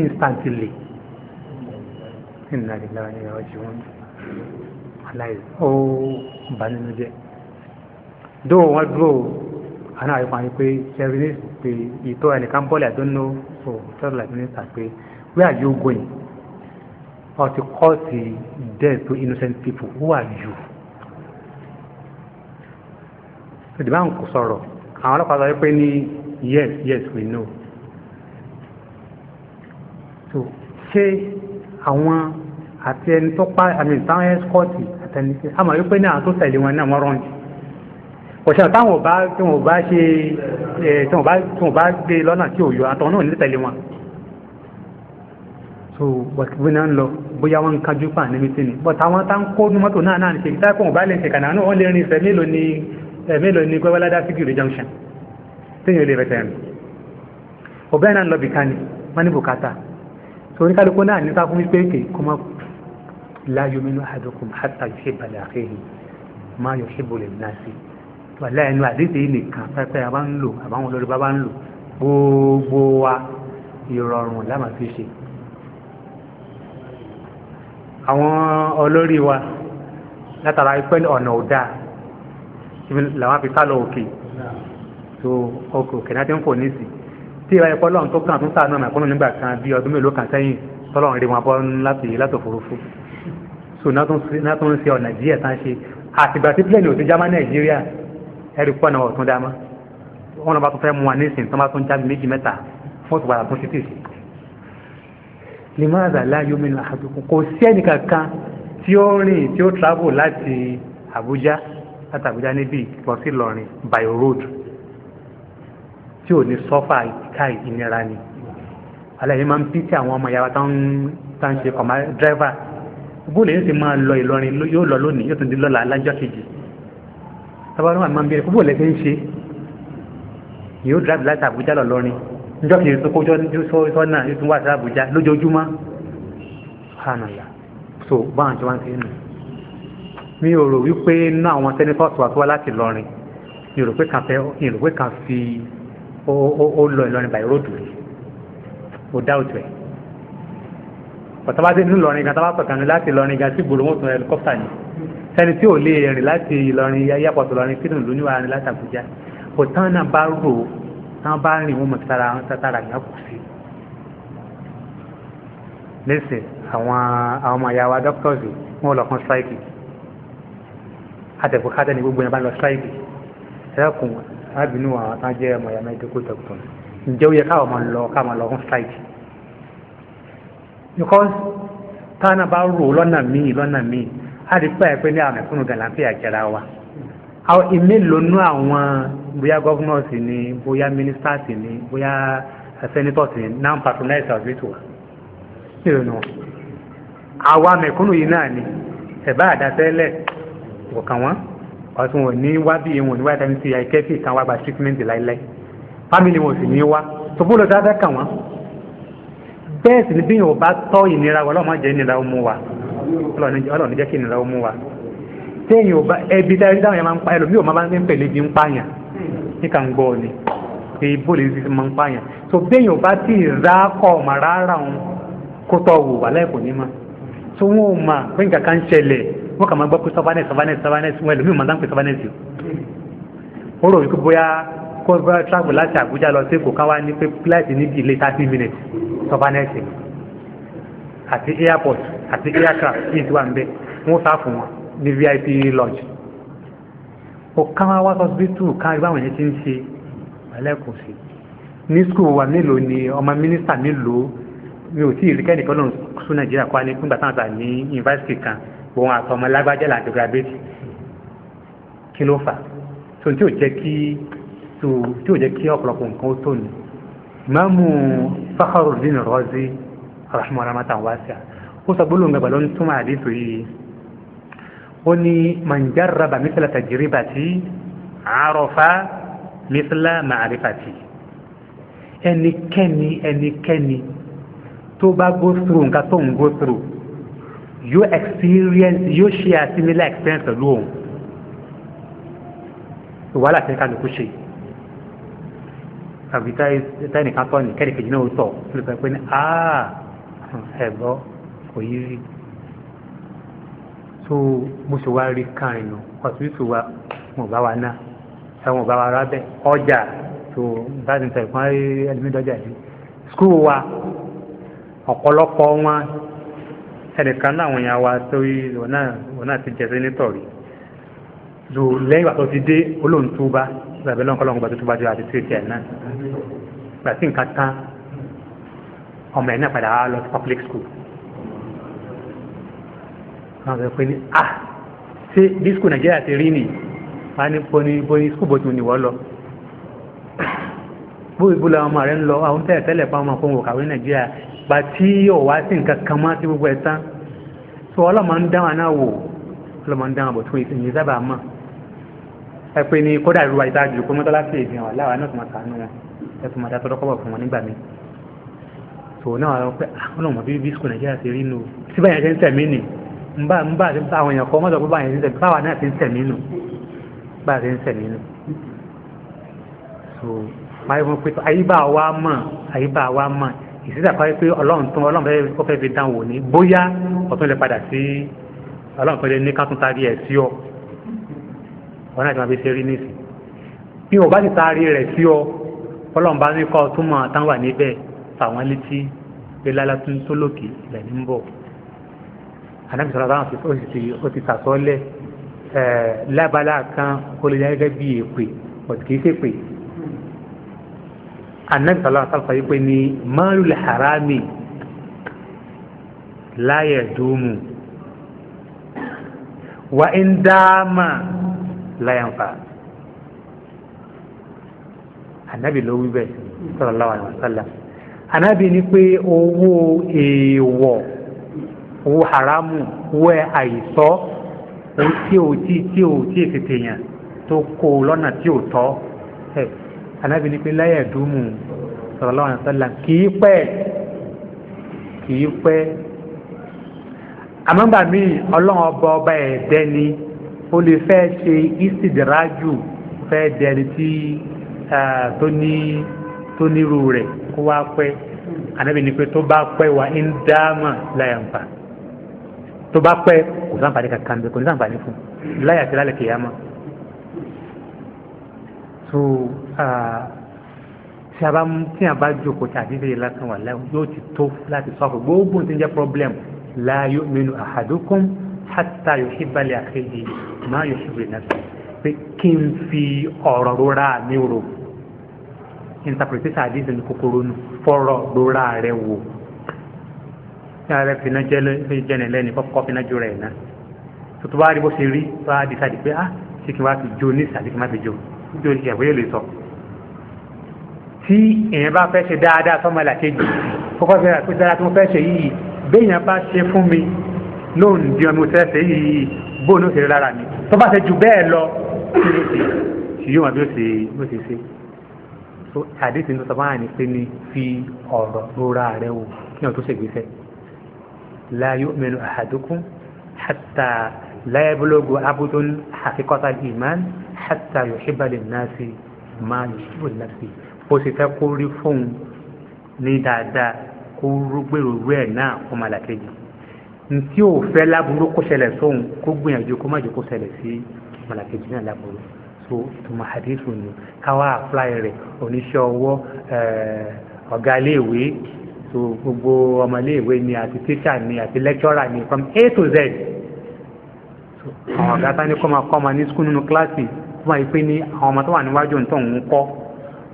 instantly ìnira ìlera ni ìrọ̀ jù wọn aláìsí ó bà nínú jẹ́ dó wọn dúró àná àyíkọ́ àyíkọ́ pé ṣẹ́rin ní pé ìtọ́ ẹnìkan bọ́ọ̀lì I don't know so just like minister pé where are you going or to cause the death to innocent people who are you? ìdìbò àwọn kò sọ̀rọ̀ àwọn ọlọ́pàá sọ pé ní yes yes we know so ṣé àwọn àti ẹni tó pa àmì táwọn ẹ́skọ́ọ̀tì àtẹni tí a mọ̀ wípé ní àwọn tó tẹ̀lé wọn náà wọ́n rọ̀ǹdì òṣèlú táwọn ò bá tí wọn ò bá ṣe ẹ tí wọn bá tí wọn bá gbé lọ́nà tí ò yọ àtọ̀wọn náà ní tẹ̀lé wọn so wọ́n náà ń lọ bóyá wọ́n ń kájú pa níbi tí ni but àwọn tá ń kó mọ́tò náà náà ń ṣe táwọn ò bá lè ṣe kànáà náà wọ́n lè rin ìfẹ́ mélòó ni ẹ̀mélòó ni gbẹ́wẹ́ ládá sí gìrì junction téèyàn lè fẹsẹ̀ rìn ọ̀bẹ náà lọ bìkan ni wọ́n ní bùkátà tó oníkálukú náà ní sáfún wípé èké kó má láyọmínú àdókùn hàtà yóò ṣe balẹ̀ àkéyìn má yóò ṣe bolẹ̀ náà sí wàlẹ́ ẹnu àdéhìí nìkan pẹ́pẹ́ àbá ń lò àbáwọn olórí bá bá ń lò gbogbo wa ìrọ̀rùn la máa fi ṣe àwọn olórí wa látara ipẹ́ ọ̀nà ò dáa ibi làwọn afi sálọ òkè tó ọkọ̀ òkè náà ti ń fò níìsì tí ìwà ẹ̀kọ́ lọ́run tó kàn tó sàánú àmì àkọ́nù nígbà kan bíi ọdún mélòó kan sẹ́yìn tọ́lọ́run rí wọn bọ́ láti láti òfurufú so náà tó ń ṣe ọ̀nà díẹ̀ tá ń ṣe àtìgbà tí plẹ́ẹ̀nì òtún já má nàìjíríà ẹ̀rí pọ̀ náà ọ̀tún dá má wọn lọ bá tún fẹ́ mú wa nísìn tó bá tún já méjì mẹ́ta fún òtún padà tún ṣe tèṣe. limaza la yomi ahadukum kò sí ẹnìkan kan tí ó rìn tí ó travel láti Abuja láti Àbújá níbí lọ sí Ìlọrin by road tí ò ní sọ́fà ìka ìnira ni aláìní máa ń pí tí àwọn ọmọ ìyá wa tán ń ṣe kọ̀má dírẹ́fà bóòlù yóò ti máa lọ Ìlọrin yóò lọ lónìí yóò tún di lọ́la alájọ́ kejì tọ́ba náà máa ń bẹ̀rẹ̀ bóòlù ẹ̀fẹ́ ń ṣe yóò dírẹ́fà láti Àbújá lọ lọ́rin níjọ́ kejì tó kójọ́ sọ́nà yóò tún wá sí Àbújá lójoojúmọ́ hànàlá so báwọn tí wọ́n ń ṣe nù mi ò rò wípé inú àwọn sẹ́nitọ́ọ̀tù wa tó wá láti lọrin mi ò rò pé kan fẹ́ mi ò rò pé kan fi ó lọ Ìlọrin báyìí róòdù rí ó dá òtù ẹ̀ pọ̀tà bá dé nínú Ìlọrin gan tá bá láti Ìlọrin gan sí gbòòrò mọ́tò ẹlikọ́pítà ni sẹ́ni tí ò lè rìn láti Ìlọrin yáyàpọ̀tò Ìlọrin sínú ìlú níwára ní láti Àbújá pọ̀tà náà bá rò táwọn bá rìn wọn mọ̀ sára wọn sára yẹn kù sí lẹ́sìn àwọn àwọn ọmọ ìyá wa dókítọ̀sì wọn lọ kan sáìkì àtẹ̀kùkátẹ́ ni gbogbo yẹn bá lọ ṣáìbì ẹ̀kùn ábìnú àwọn tán jẹ́ ọmọ ìyá mẹ́tẹ́kù tẹ̀kùtù ǹjẹ́ ó yẹ káwọn máa lọ káwọn máa lọ fún ṣáìbì. because tánà bá rò lọ́nà míì lọ́nà míì á ti pẹ́ pé ní àwọn ẹ̀kúnnù gàlàǹfẹ́ àjẹrà wa. àwọn ìmélòónú àwọn bóyá gọ́fúnọ̀sì ni bóyá mínísítàsì ni bóyá sẹ́nitọ́sì ni náà patronize our ritual. nílò náà àwa mẹ̀kúnnù yìí náà ni ẹ̀bá àdásẹ́lẹ̀ ọ̀kan wọn ọ̀sùn wọn ní wá bí wọn ní wá ìtàn sí àìkẹ́fì kan wá gba treatment láíláí family wọn sì ní wá tó bó lọ dáadáa kàn wọn bẹ́ẹ̀ sì ni bí yóò bá tọ́ ìnira wa ọlọ́mọ jẹ́ ìnira ọmú wa ọlọ́run jẹ́ kí ìnira ọmú wa téèyàn ò bá ẹbí dárí dáhùn yẹn máa ń pa ẹlòmíì ò máa ń pèlè bí ń pààyàn níka ń gbọ́ ni pé bóòlù yìí ti máa ń pààyàn tó béèyàn ò bá tí ì rá kọ́ ọ̀mà rárá òun kó tọ́ wò wà láì kò wọ́n kà máa gbọ́ pé savanes savanes savanes wọn ẹlòmíì máa ń pè savanes yìí ó rò wípé bóyá kó bá travel láti Àbújá lọ sí Èkó káwá ní pé flight ní delay thirty minutes savanes àti airport ati aircraft yìí ti wà níbẹ̀ wọ́n sá fún wọn ní VIP lodge ó ká wá wá hospital ká rí báwọn yẹn ti ń ṣe ẹlẹ́kùn sí ní skul wa mélòó ni ọmọ mínísítà mélòó mi ò tí ì rí kẹ́nìkan lòún sún Nàìjíríà kó wá ní fúngbà táwọn àgbà ní yunifásitì kan òun àtọmọ lágbájá làjọ graduate kí ló fà so tí ò jẹ́ kí so tí ò jẹ́ kí ọ̀pọ̀lọpọ̀ nǹkan ó tó ni ìmáàmù Fakhruddin Razi rahman ramata wasi'a ó sọ gbólóhùn gbàgbà ló ń túmọ̀ àdìsù yìí ó ní man jarraba mithla tajribati arafa mithla ma'rifati ẹnikẹ́ni ẹnikẹ́ni tó bá go nǹkan tó ń go yóò experience yóò share similar experience pẹ̀lú òun wàhálà tí kálukú ṣe àbí táyìnìkan tọ́ ni kẹ́nìkejì náà sọ ló sọ pé ní aaa ah, ẹ̀gbọ́ kò yí rí tó mo ṣe wá rí kan ìnù ọ̀sùwìsù wa mo bá wa ná ẹ̀wọ̀n bá wa rábẹ̀ ọjà tó bá ti ń sọ ìpọ́n ẹlẹ́mìdọ́jà yìí skul wa ọ̀pọ̀lọpọ̀ wọn ẹnìkan náà àwọn èèyàn wa torí òun náà ti jẹ sẹ́nitọ̀ rí lò lẹ́yìn ìgbà tó ti dé olóńtúba ìgbàgbé lọ́nkọ́lọ́nkọ́ gbàtó tó bá jọ àti tírètì ẹ̀ náà gbàtí nǹkan tán ọmọ ẹ̀ náà padà wá lọ sí public school wọ́n sọ pé ní ah, à ṣé bí school nàìjíríà ti rí nì wọ́n á ní bóni bóni school bó ti ní wọ́n lọ bóyá ìbúlọ̀ ọmọ rẹ̀ ń lọ àwọn tẹ́lẹ̀ tẹ́lẹ̀ pa ọmọ fún òkàwé nàìjíríà gbà tí yóò wá sí nǹkan kan mọ́ sí gbogbo ẹ̀ tán tó ọlọ́mọ ń dáhùn náà wò ọlọ́mọ ń dáhùn bọ̀ tó ìsìn sábà mọ̀ ẹ pé ní kódà ìrora ìtajù kó mọ́tọ́lá sí èdè wọn láwa náà tó máa kàánú wọn ẹ tó máa dá tọ́lọ́kọ́ bọ̀ fún wọn nígbà mi tó náà wọ́n pé ah, ọlọ́mọ bíbí bí sùkúl nàìjíríà ti rí nù síbẹ̀ yẹn ṣe ń tẹ̀mí nì ń bá ń bá àwọn èèyàn kọ́ mọ́tọ́ pé báyẹn so máa yẹ fún pé àyíbá wa mọ̀ ìsísà kọ́ pé ọlọ́run tún ọlọ́run fẹ́ ó fẹ́ fi dán wò ní bóyá ọ̀tún lè padà sí ọlọ́run fẹ́ lè ní ká tún taari ẹ̀ sí ọ ọ̀run àti màbí ṣe rí nísì bí o bá ti taari rẹ̀ sí ọ ọlọ́run bá ní kọ́ túmọ̀ tán wà níbẹ̀ fàwọn létí pé lálá tún tó lòkè ilẹ̀ ní ń bọ̀ ànábì sọ̀rọ̀ báwọn ó sì ó ti sàsọ́lẹ̀ lábala kan ó gẹ́gẹ́ bí èpè ọ̀tí anabi sallallahu alaihi wasallam pé ní maalul harami la yadumu wa in dama la yanfa anabi ló wí bẹ́ẹ̀ sallallahu alaihi wasallam anabi ní pé owó èèwọ̀ owó haramu wẹ àìsọ́ tí o tí tí o tí ètètè yàn tó kó lọ́nà tí o tọ́ ẹ̀ anábì ní pé láyà dùmù sallallahu alaihi wasallam kìí pẹ́ kìí pẹ́ àmọ́gbà míì ọlọ́run ọba ọba ẹ̀dẹ́ ni ó lè fẹ́ ṣe ìsìdìrájù fẹ́ dẹni tí tó ní tó nírú rẹ̀ kó wá pẹ́ anábì ní pé tó bá pẹ́ wà ń dáàmà láyà ń fà tó bá pẹ́ kò sáǹfààní kankan bẹ́ẹ̀ kò ní sáǹfààní fún láyà àti lálẹ́ kìyàmá so uh, tí a bá mú tí a bá jókòó tàbí bèrè lásán wà láwùjọ yóò ti tó láti sọ fún gbogbo tí ń jẹ́ problem la yu'minu ahadukum hatta yuhibba li akhihi ma yuhibbu li nafsihi pé kí n fi ọ̀rọ̀ rora mi rò interpretation àdìsí ní kòkòrò nù fọ̀rọ̀ rora rẹ wò tí a rẹ fina jẹ́ni lẹ́ni kọ́kọ́ fina jù rẹ̀ náà tó tó bá rí bó ṣe rí bá a dìsá di pé ah ṣé kí n wá fi jo ní ìsàlẹ̀ kí n má fi jo nítorí ẹ̀ bóyá lè sọ. tí èèyàn bá fẹ́ ṣe dáadáa sọ́mọlàkejì kókó ṣe àti dáadáa tí mo fẹ́ ṣe yìí béèyàn bá ṣe fún mi lóun di ọmọ tẹ́ ṣe yìí bóun ó ṣe lára mi tó bá ṣe jù bẹ́ẹ̀ lọ kí ló ṣe ṣì yóò wọn bí ó ṣe bó ṣe ṣe. so àdéhùn tó sọ fún àyàn pé ni fi ọ̀rọ̀ rora rẹ wò kí wọn tó ṣègbésẹ̀ la yu'minu ahadukum hatta لا يبلغ عبد حقيقة الإيمان حتى يحب للناس ما يحب لنفسه bó ṣe fẹ́ kó rí fóun ní dáadáa kó gbèrò rú ẹ̀ náà kó máa làkejì ntí ò fẹ́ láburú kó ṣẹlẹ̀ sóun kó gbìyànjú kó má jẹ́ kó ṣẹlẹ̀ sí màlàkejì náà láburú so ìtumọ̀ àdéhùn ni káwá àfúláì rẹ̀ oníṣẹ́ ọwọ́ eh, ọ̀gá iléèwé so gbogbo ọmọ iléèwé ni àti tíṣà ni àti lẹ́kítọ́rà ni from A to Z àwọn ọ̀gá tá ní kọ́ máa kọ́ máa ní skul nínú kíláàsì tó máa yí pé ní àwọn ọmọ tó wà níwájú ń tó ń kọ́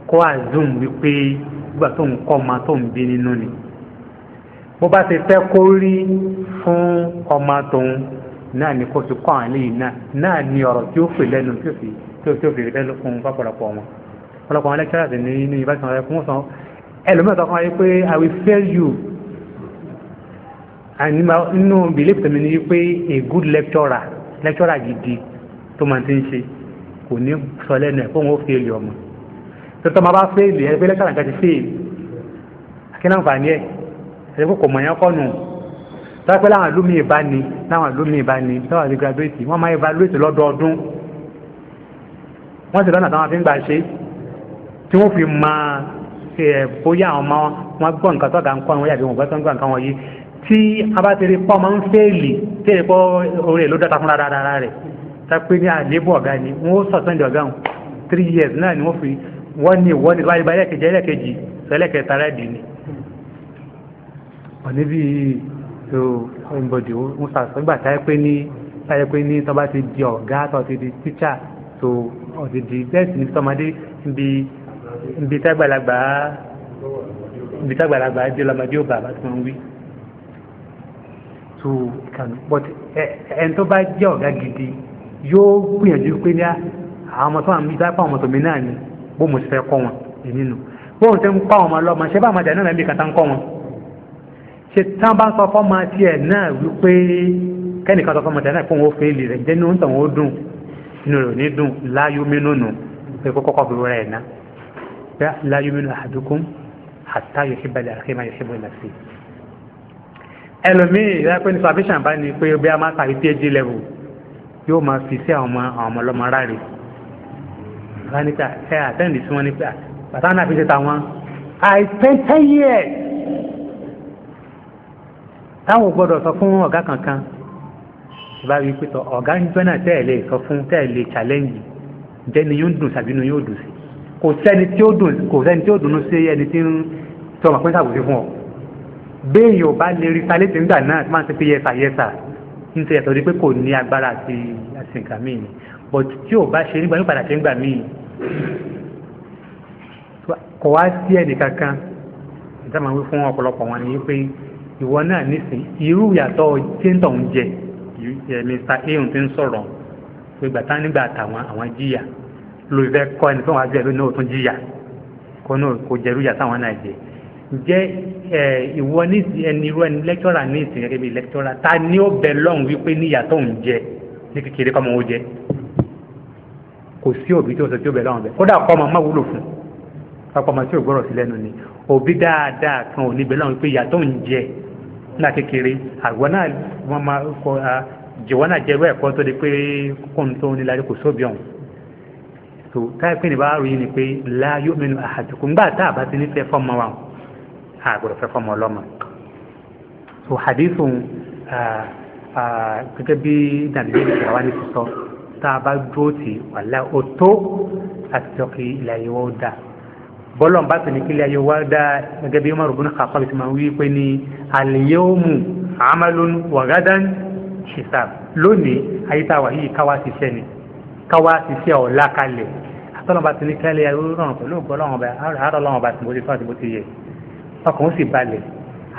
kó àzùm wípé gbígbà tó ń kọ́ máa tó ń bí nínú ni bó bá ti fẹ́ kó rí fún ọmọ tòun náà ni kó fi kọ́ àwọn eléyìí náà náà ni ọ̀rọ̀ tí ó fè lẹ́nu tí ó fi tí ó fi rí lẹ́nu fún pápọ̀lọpọ̀ wọn ọ̀pọ̀lọpọ̀ àwọn lẹ́kítọ́rà sì ní inú ìbá sọ̀rọ̀ sọ a good lecturer lẹ́kítọ́rà gidi tó máa ti ń ṣe kò ní sọ lẹ́nu ẹ̀ fóun ó fèèlì ọmọ tuntun ma bá fèèlì ẹ pé lẹ́kítọ́rà nǹkan ti fèèlì akínàǹfààní ẹ̀ ẹ̀ kò mọ̀ yẹn kọ́ nù tọ́pẹ́ láwọn ìlú míì bá ní láwọn ìlú míì bá ní láwọn àti graduate wọ́n máa evaluate lọ́dọọdún wọ́n sì lọ́nà táwọn fi ń gbà ṣe tí wọ́n fi máa bóyá àwọn ọmọ wọn gbọ́ nǹkan tó ga ń kọ́ àwọn yàgbé tí a bá ti rí pọ́ máa ń fẹ́ẹ̀lì tí èrè pọ́ orí ẹ̀ ló dọ́ta fúnra dáadáa rẹ̀ tá pé ní àléébù ọ̀gá ni wọ́n sọ̀tẹ́ndì ọ̀gá wọn three years náà ni wọ́n fi wọ́n ní wọ́n ní báyìí báyìí ẹlẹ́kẹ̀jẹ́ ẹlẹ́kẹ̀jì ẹlẹ́kẹ̀ta rẹ̀ dì ní. ọ̀ní bí so ìbòdì wọn sàṣọ nígbà táyẹ pé ní táyẹ pé ní tọ́ bá ti di ọ̀gá tọ́ ti di tíṣà so ọ̀dì di bẹ́ẹ̀ sì ní tọ́mọdé níbi níbi tágbàlagbà níbi so kanu but ẹn tó bá jẹ́ ọ̀gá gidi yóò gbìyànjú pé ní àwọn ọmọ tó wà níbi dápọ̀ ọmọ tòmí náà ni bó mo ti fẹ́ kọ́ wọn èmi nù bó mo ti ń kọ́ ọmọ lọ́mọ ṣé bá àwọn àjà náà níbi kan tá ń kọ́ wọn ṣe tán bá ń sọ fọ́mọ tiẹ̀ náà wípé kẹ́nìkan sọ fọ́mọ tiẹ̀ náà fóun ó fẹ́ lè rẹ̀ jẹ́ ní oúnjẹ òun ó dùn inú rẹ̀ ò ní dùn láyú mínú nù pé kó kọ́kọ́ fi wúra ná láyú mínú àdúkùn àtá yóò ṣe máa yóò ṣe bọ̀ ẹlòmíì yẹ pé ní salvation bá ní pé bí a máa kàwé phd level yóò máa fi sí àwọn ọmọ àwọn ọmọ ọlọmọ ara rẹ̀ wọn ní pé ẹ àtẹ́ǹdì sí wọn ní pé bàtà náà fi ṣe tàwọn i spent ten years táwọn gbọ́dọ̀ sọ fún ọ̀gá kankan ìbá wí pé ọ̀gá níjọ́ náà tẹ́ ẹ̀ lè sọ fún tẹ́ ẹ̀ lè challenge jẹ́ ni yóò dùn sàbínú yóò dùn sí kò sẹ́ni tí ó dùn kò sẹ́ni tí ó dùnú sí ẹni tí ń tọ́ ọ béèyàn bá lè rí sáléètì nígbà náà tí máa ń ṣe pé yẹsà yẹsà ń ṣe yàtọ̀ di pé kò ní agbára àti àsìnkà míì ni but tí ò bá ṣe nígbà nípadà ṣe ń gbà míì kò wá sí ẹnìkan kan ìta máa wí fún ọ̀pọ̀lọpọ̀ wọn ni pé ìwọ náà nísìn irú ìyàtọ̀ tíntọ̀ ń jẹ Mr. Aun ti ń sọ̀rọ̀ pé gbàtà nígbà àtàwọn àwọn jìyà lórí fẹ́ kọ́ ẹni fún wàá jẹ́ lónìí náà ó tún jìyà kó náà kò jẹ́rú ìyàtọ̀ àwọn náà jẹ́ ǹjẹ́ ìwọ ní ẹni irú ẹni lẹ́kítọ́rà ní ìsìn gẹ́gẹ́ bíi lẹ́kítọ́rà ta ni ó bẹ lọ́hùn wípé níyàtọ̀ ń jẹ ní kékeré kọ́mọ ó jẹ kò sí òbí tí O sọ tí ó bẹ lọ́hùn bẹ kódà kọ́mọ má wúlò fún kọ́mọ tí ò gbọ́rọ̀ sí lẹ́nu ni òbí dáadáa kan ò ní bẹ lọ́hùn wípé ìyàtọ̀ ń jẹ náà kékeré àgbọn náà wọn máa kọ jẹ̀wọ́ náà jẹ́rú ẹ̀kọ́ tó di pé kóun tó ní ni pé láyọ̀ àgbọ̀dọ̀ fẹ́ fọmọ ọlọ́mọ so hadith gẹ́gẹ́ bí nàìjíríà ní ìjọba ni, sísọ tá a bá dúró tì wàlá o tó láti jọ kí ilé ayé wa ó dà bọ́lọ̀ bá tẹ̀lé kí ilé ayé wa dà gẹ́gẹ́ bí Umar ibn Khattab ti máa ń wí pé ní al-yawmu amalun wa gadan hisab lónìí ayé tá a wà yìí káwá ti ṣẹ́ ni káwá ti ṣe ọ̀la kalẹ̀ àtọ́nà bá tẹ̀lé kí ilé ayé wa rọrùn pẹ̀lú ògbọ́lọ́wọ́n bá àárọ̀ lọ́wọ́n bá ti bó ti tọ́ àti bó ti yẹ ọkàn ó sì balẹ̀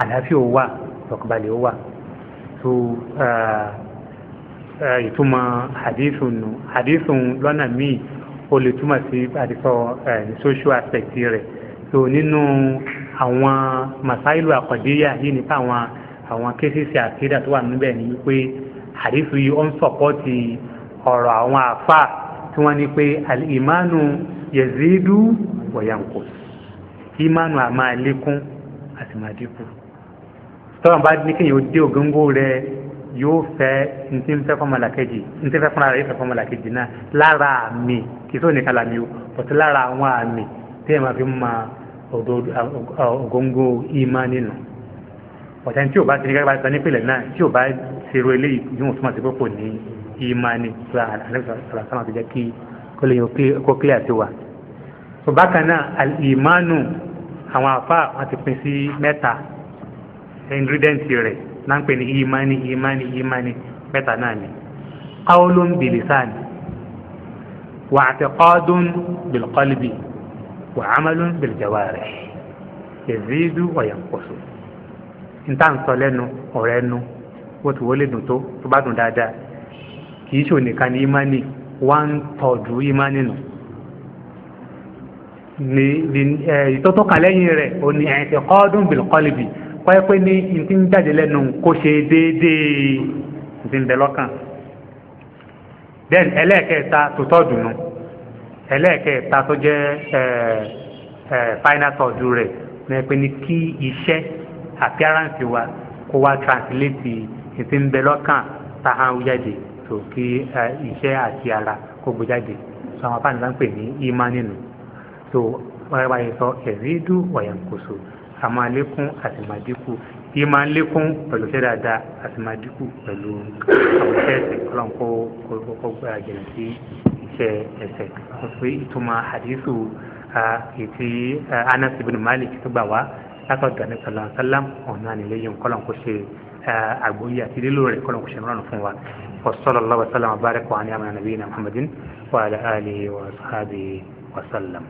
àlàáfíà ó wà ìfọ̀kànbalẹ̀ wà so uh, uh, ìtumọ̀ àdéhùn nù àdéhùn lọ́nà míì ó lè túmọ̀ sí àdìsọ uh, social aspect rẹ̀ so nínú àwọn masailu àkọ́díyà yìí nípa àwọn àwọn kéṣìṣì àkídà tó wà níbẹ̀ ni pé àdéhùn yìí ó ń sọ̀pọ́tì ọ̀rọ̀ àwọn àfáà tí wọ́n ní pé alìmánu yẹ̀zídú wọ̀yànkò ìmánu àmà lékún àti máa dínkù tọ́wọ́n bá ní kéèyàn ó dé ògóńgó rẹ yóò fẹ́ ntí ń fẹ́ fọmọlàkejì ntí ń fẹ́ fúnra rẹ yóò fẹ́ fọmọlàkejì náà lára àmì kì í tó nìkan làmì o pọ̀tí lára àwọn àmì téèyàn máa fi ń ma ògóńgó ìmá nínú ọ̀tẹ́ tí ò bá ti ní gẹ́gẹ́ bá ti sọ nípìnlẹ̀ náà tí ò bá ti ro eléyìí yóò túmọ̀ sí pé kò ní ìmá ní tó àlàáfíà ti jẹ́ kí kó lè yọ kó kílẹ̀ àti wà. bákan náà ìmánu àwọn àfa wọn ti pín sí mẹ́ta ingredient rẹ̀ náà ń pè ní imani imani imani mẹ́ta náà ni qawlun bilisan wa i'tiqadun bilqalbi wa amalun biljawarih yazidu wa yanqusu nta ń sọ lẹ́nu ọ̀rẹ́ nu wọ́n ti wọlé dùn tó tó bá dùn dáadáa kì í ṣe òní ní imani wọ́n ń tọ́jú imani nù. No ìtọ́tọ́ kàlẹ́yìn rẹ̀ ò ní ẹ̀ǹtẹ̀ kọ́ọ́dún bìlkọ́lìbì kọ́ẹ́ pé ní ntí ń jáde lẹ́nu kó ṣe déédéé ntí ń bẹ lọ́kàn. then ẹlẹ́ẹ̀kẹta tòótọ́ dùnú ẹlẹ́ẹ̀kẹta tó jẹ́ final thought rẹ̀ ní pé ní kí iṣẹ́ appearance wa kó wá translate ntí ń bẹ lọ́kàn tahan jáde tó kí iṣẹ́ àti ara kó gbé jáde sọ àwọn afáàní bá ń pè ní imaninu so wọ́n bá yẹ sọ ẹ̀rídù wàyàǹkóso a máa lékún àti máa dínkù yìí máa ń lékún pẹ̀lú iṣẹ́ dáadáa àti máa dínkù pẹ̀lú àwọn iṣẹ́ ẹ̀ṣẹ̀ ọlọ́run gbé àjẹ̀lẹ̀ sí iṣẹ́ ẹ̀ṣẹ̀ wọ́n ìtumọ̀ àdísù ètí Anas ibn Malik tó gbà wá látọ̀dọ̀ ní sallallahu alaihi wasallam ọ̀nà àníléyìn kọ́lọ́n kó ṣe àgbóyè àti lílo rẹ̀ kọ́lọ́n kó ṣe rọrùn fún wa sallallahu alaihi wasallam baraka ala nabiyyina Muhammadin wa ala wa sahbihi wa sallam.